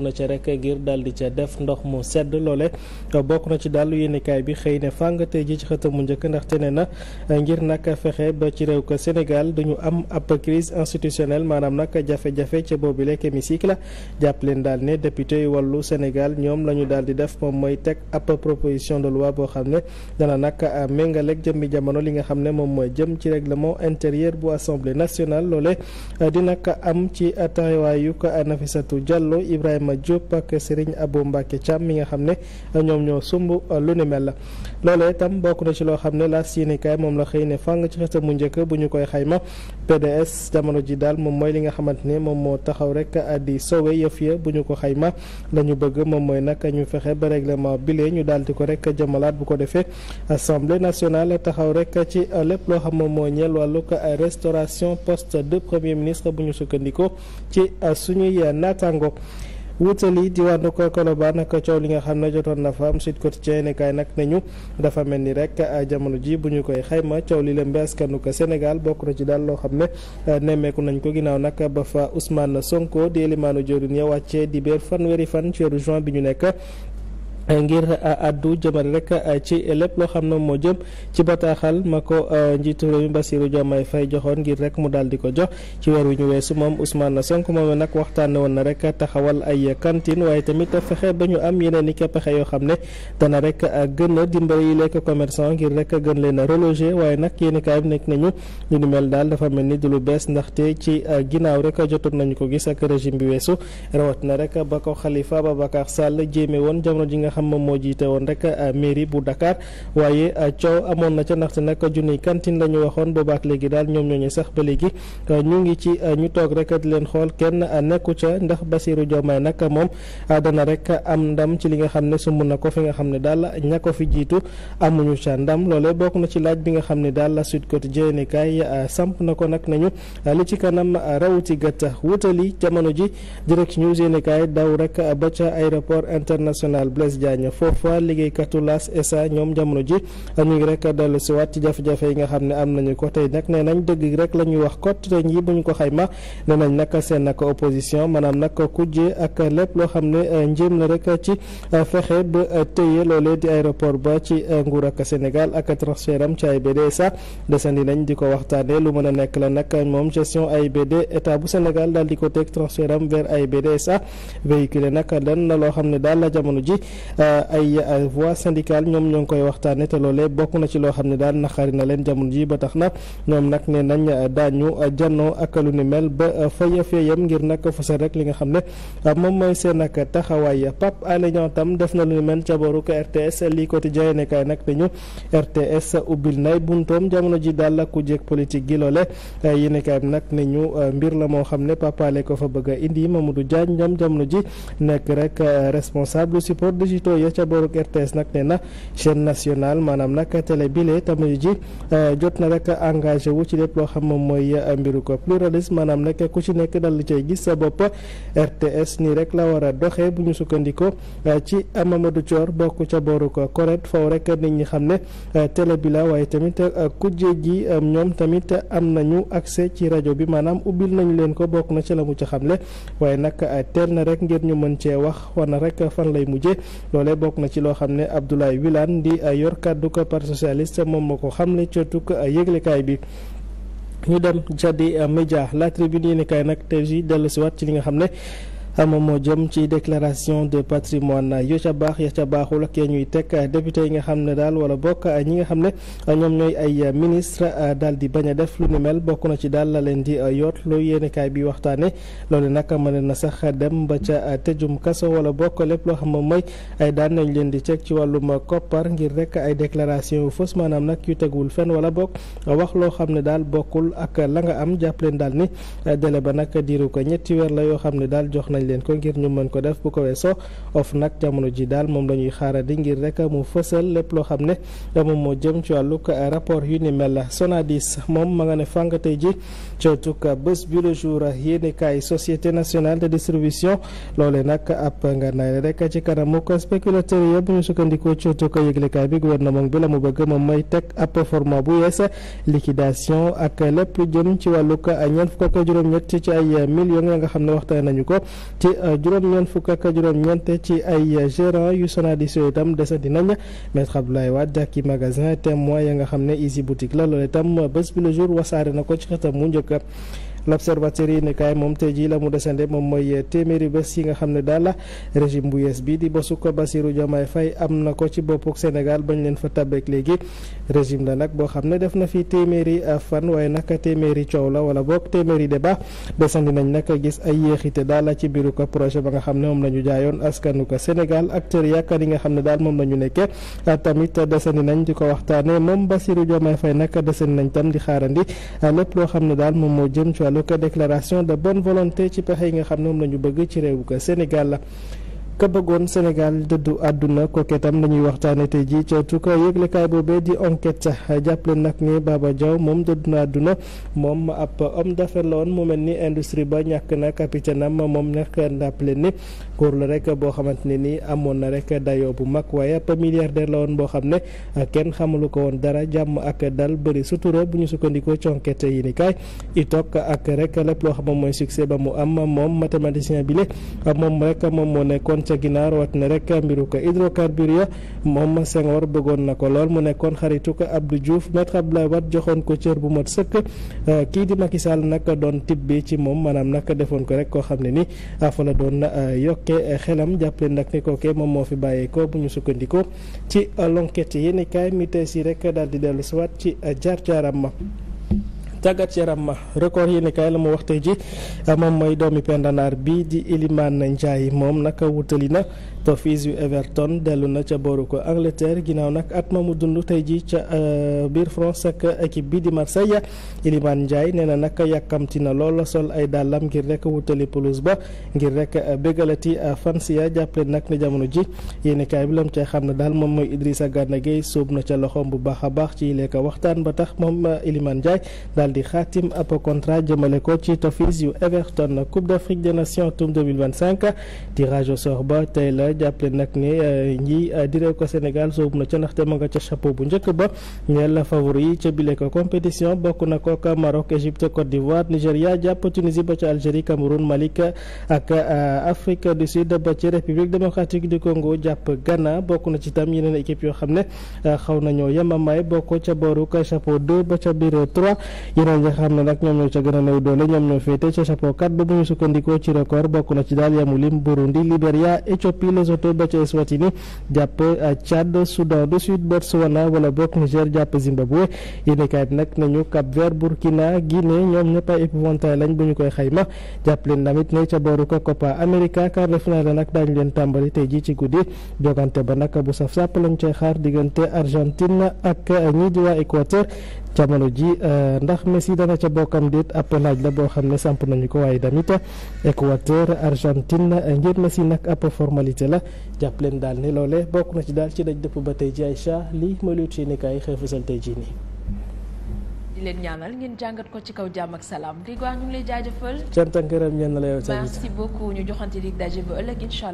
na ca rek ngir daal di ca def ndox mu sedd loole bokk na ci dalu yéenekaay bi xëy ne fàngatey ji ci xëtam na ngir nag fexe ba ci réew ko Sénégal dañu am ab crise institutionnelle maanaam nag jafe-jafe ca boobu lekk hémicycle jàpp leen dal ne député yu wàllu Sénégal ñoom la dal di def moom mooy teg ab proposition de loi boo xam ne dana nag méngaleeg jëmmi jamono li nga xam ne moom mooy jëm ci règlement intérieur bu assemblée nationale loole di nag am ci taxawaayu ko Nafissatou Diallo Ibrahima Ibrahima Diop ak Serigne Abou Mbacke Thiam mi nga xam ne ñoom ñoo sumb uh, lu ni mel la loolee itam bokk na ci loo xam ne laas yéenekaay moom la xëy ne fàng ci xësta mu njëkk bu ñu koy xayma PDS jamono ji daal moom mooy li nga xamante ne moom moo taxaw rek uh, di sowe yëf ya bu ñu ko xayma la ñu bëgg moom mooy nag ñu fexe ba règlement bile ñu daal ko rek jëmalaat bu ko defee assemblée nationale taxaw rek ci uh, lépp loo xam moom moo ñeel wàllu restauration poste de premier ministre bu ñu sukkandikoo ci suñuy naataango wutali diwaanu ko Colobane nag coow li nga xam ne jotoon na fa am Sud Quotidien ne kaay nag ñu dafa mel ni rek jamono ji bu ñu koy xayma coow li lëmbe askanu ko Sénégal bokk na ci daal loo xam ne euh, nemmeeku nañ ko ginnaaw nag ba fa Ousmane Sonko di élimaanu jëwriñ ya wàccee di béer fanweeri fan ci weeru juin bi ñu nekk ngir addu jëmale rek ci lépp loo xam ne moo jëm ci bataaxal ma ko njiitu réew mi Bassirou Diomaye Faye joxoon ngir rek mu daal di ko jox ci weer wi ñu weesu moom Ousmane Sonko moom nag waxtaanee woon na rek taxawal ay cantine waaye tamit fexe ba ñu am yeneen i pexe yoo xam ne dana rek gën a dimbali lekk commerçant ngir rek gën leen a reloger waaye nag yéen i nekk nañu lu ni mel daal dafa mel ni du lu bees ndax te ci ginnaaw rek jotoon nañu ko gis ak régime bi weesu rawat na rek ba ko Khalifa Babacar Sall jéeme woon jamono ji nga xam moom moo jiite woon rek euh, mairie bu Dakar waaye euh, coow amoon na ca ndaxte nag junniy cantine la ñu waxoon boobaak léegi daal ñoom ñooñu sax ba léegi euh, ñu ngi ci ñu toog rek di leen xool kenn nekku ca ndax basiiru Diomaye nag moom dana rek am ndam ci li nga xam ne sumb na ko fi nga xam ne daal ña ko fi jiitu amuñu ca ndam loolee bokk na ci laaj bi nga xam ne daal la Sud Quotidien kaay samp na ko nag nañu li ci kanam raw ci gëtt wutali jamono ji Direct News yéen daw rek ba ca aéroport international Blaise Diagne foofa liggéeykatu Las SA ñoom jamono ji ñu ngi rek dellu si waat ci jafe-jafe yi nga xam ne am nañu ko tey nag nee nañ dëgg rek la ñuy wax kot te ñi bu ñu ko xayma nee nañ nag seen nag opposition maanaam nag kujje ak lépp loo xam ne euh, njéem la rek ci euh, fexe ba euh, téye loolee di aéroport ba ci nguur ak Sénégal ak transfert am ci AIBD SA desandi nañ di ko waxtaanee lu mën a nekk la nag moom gestion AIBD état bu Sénégal daal di ko teg transfert am vers AIBD SA Euh, ay voix syndicale ñoom ñoo ngi koy waxtaane te loolee bokk na ci loo xam ne daal naxari na leen jamono ji ba tax na ñoom nag ne nañ euh, daañu euh, jannoo ak lu ni mel ba fay feeyam ngir nag fësal rek li nga xam ne moom seen ak taxawaay Pape Alé Niang tam def na lu ni mel ca boru ko RTS lii quotidien ne kaay nag dañu RTS ubbil nay buntoom jamono ji daal la ku jéeg politique gi loole yéen kaay nag ne ñu mbir la moo xam ne Pape Alé ko fa bëgg a ma Mamadou Diagne ñoom jamono ji nekk rek responsable support Tito ya ca boorug RTS nag ne na chaîne nationale maanaam nag télé bile tamit ji eh, jot na rek engagé wu ci lépp loo xam moom mooy eh, mbiru ko pluralisme maanaam nag ku ci nekk dal cay gis sa bopp RTS nii rek la war a doxee bu ñu sukkandikoo eh, ci Mamadou Thior bokk ca boorug CORED faw rek nit ñi xam ne télé bi la waaye tamit kujje gi ñoom tamit am nañu accès ci rajo bi maanaam ubbil nañu leen ko bokk na ci la mu ci xamle waaye nag teel na rek ngir ñu mën cee wax war na rek fan lay mujjee loole bokk na ci loo xam ne Abdoulaye Wilane di eh, yor kàddu ko parti socialiste moom moo ko xamle ay eh, yëglekaay bi ñu dem ca di eh, média la tribune yéen kaay nag yi jii dellusiwaat ci li nga xam ne moom moo jëm ci déclaration de patrimoine yu ca baax ya ca baaxul ak ya ñuy teg député yi nga xam ne daal wala bokk ñi nga xam ne ñoom ñooy ay ministre daal di bañ a def lu ni mel bokk na ci daal la leen di yoot lu yéenekaay bi waxtaane loolu nag mën na sax dem ba ca tëjum kaso wala bokk lépp loo xam ne mooy ay daan nañ leen di teg ci wàllum koppar ngir rek ay déclaration yu fausse maanaam nag yu tegul fenn wala bokk wax loo xam ne daal bokkul ak la nga am jàpp leen daal ni délai ba nag diiru ko ñetti weer la yoo xam ne daal jox nañ nañ leen ko ngir ñu mën ko def bu ko weesoo of nag jamono ji daal moom la ñuy xaarandi ngir rek mu fësal lépp loo xam ne moom moo jëm ci wàllug rapport yu ni mel la Sonadis moom ma nga ne fàng tey ji ci tukka bés bi le jour yéene kaay société nationale de distribution loole nag ab nga naay rek ci kanamu spéculateur yi ci tukka yëglekaay bi gouvernement nga xam ne waxtaan nañu ko ci juróom-ñeent yu Sonadis yooyu itam magasin témoin ya nga xam ne Easy boutique la loole itam bés bi le jour wasaare na ko ci xatam mu njëkk que l'observateur yi ne kaay moom tey jii la mu desande moom mooy téeméeri bés yi nga xam ne daal régime bu yees bi di bosu ko Bassirou Diomaye Faye am na ko ci boppuk Sénégal bañ leen fa tabbeek léegi régime la nag boo xam ne def na fi téeméeri fan waaye nag téeméeri coow la wala boog téeméeri débat desandi nañ nag gis ay yéexite daal ci biiru ko projet ba nga xam ne moom la ñu jaayoon askanu ko Sénégal acteur yaakaar yi nga xam ne daal moom la ñu nekke tamit desandi nañ di ko waxtaane moom Bassirou Diomaye Faye nag desandi nañ tam di xaarandi lépp loo xam ne daal moom moo jëm ci loolu ko déclaration de bon volonté ci pexe yi nga xam ne moom la ñu bëgg ci réew Sénégal ka bëggoon Sénégal dëddu àdduna kooku itam la ñuy waxtaane tey jii ca tout cas yëglekaay boobee di enquête jàppale nag ni Baba Diaw moom dëddu na àdduna moom ab homme d'affaires la woon mu mel ni industrie ba ñàkk na capitaine am moom nag ndàppale ni góor la rek boo xamante ne nii amoon na rek dayoo bu mag waaye ab milliardaire la woon boo xam ne kenn xamalu ko woon dara jàmm ak dal bëri sutura bu ñu sukkandikoo ci enquête yi ni kaay itok ak rek lépp loo xam ne mooy succès ba mu am moom mathématicien bi ne moom rek moom moo nekkoon ca wat rawatina rek mbiru ko hydrocarbure ya moom Senghor bëggoon na ko lool mu nekkoon xaritu ko Abdou Diouf maître Abdoulaye Wade joxoon ko cër bu mat sëkk euh, kii di Macky Sall nag doon tibbi ci moom maanaam nag defoon ko rek koo xam ne ni euh, fa la doon euh, yokkee xelam jàppale nag ni kookee moom moo fi bàyyeekoo bu ñu sukkandikoo ci l'enquête yéen kaay mi tey si rek daal di dellu siwaat ci jaar jaaram ma tàggat yaram ma record yi ni kay la mu wax tey ji moom mooy doomi pendanaar bii di Ilimane Ndiaye moom nag wutali na tofis yu Everton dellu na ca booru ko Angleterre ginnaaw nag at ma mu dund tey ji ca euh, biir France ak équipe bi di Marseille Ilimane Ndiaye nee na nag yàkkamti na loola sol ay dàllam ngir rek wutali pelouse ba ngir rek euh, bégalati euh, fansiya jàppale nag ne jamono ji yéeni kaay bi lam cay xam ne daal moom mooy Idrissa Gana Gueye sóob na ca loxoom bu a baax ci lekk waxtaan ba tax moom Ilimane di xaatim ab contrat jëmale ko ci tofis yu Everton Coupe d'Afrique des Nations atum 2025 tirage au ba tey la jàppale nag ne euh, ñi euh, diree ko Sénégal soobu na ca ndaxte ma nga ca chapeau bu njëkk ba ñeel favori yi ca bile ko compétition bokk na ko ak Maroc Égypte Côte d'Ivoire Nigéria jàpp Tunisie ba ca Algérie Cameroun Malik ak euh, Afrique du Sud ba ci République démocratique du Congo jàpp Ghana bokk na ci tam yeneen équipe yoo xam ne xaw nañoo yemamaay bokk ca booru yeneen nga xam na nag ñoom ñoo ca gën a néew doole ñoom ñoo féete ca chapeau 4 ba bu ñu sukkandikoo ci record bokk na ci daal yamu lim Burundi Libéria Éthiopie Lesotho ba ca Eswatini jàpp euh, Tchad Soudan du Sud Botswana wala bokk Niger jàpp Zimbabwe yéenekaay bi nag nañu Cap Vert Burkina Guinée ñoom ñëpp ay épouvantail lañ bu ñu koy xayma jàpp leen tamit ne ca booru ko Copa America quart de finale nag daañu leen tàmbali tey jii ci guddi jogante ba nag bu saf sàpp lañ cay xaar diggante Argentine ak euh, ñii di waa Équateur jamono ji euh, ndax Messi dana ca bokkam déet ab laaj la boo xam ne samp nañu ko waaye tamit Équateur Argentine ngir Messi nag ab formalité la jàpp leen daal ne loole bokk na ci daal ci daj dëpp ba tey ji Aïcha lii ma luut ci nekkaay xëy fësal tey jii nii. di leen ñaanal ngeen jàngat ko ci kaw jàmm ak salaam di ñu ngi lay jaajëfal. cant ak ngërëm ñenn la yow. merci beaucoup ñu joxante dig daje ba ëllëg incha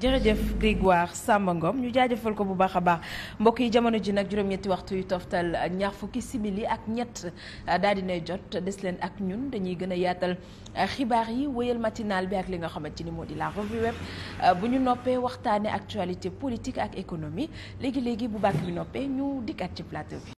jërëjëf Grégoire Samba Ngom ñu jaajëfal ko bu baax a baax mbokk yi jamono ji nag juróom-ñetti waxtu yu toftal ñaar fukki simili ak ñett ah, daal nay jot des leen ak ñun dañuy gën a yaatal ah, xibaar yi wéyal matinal bi ak li nga xamante ni moo di la revue web ah, bu ñu noppee waxtaane actualité politique ak économie léegi-léegi bu bàkk bi noppee ñu dikkat ci plateau bi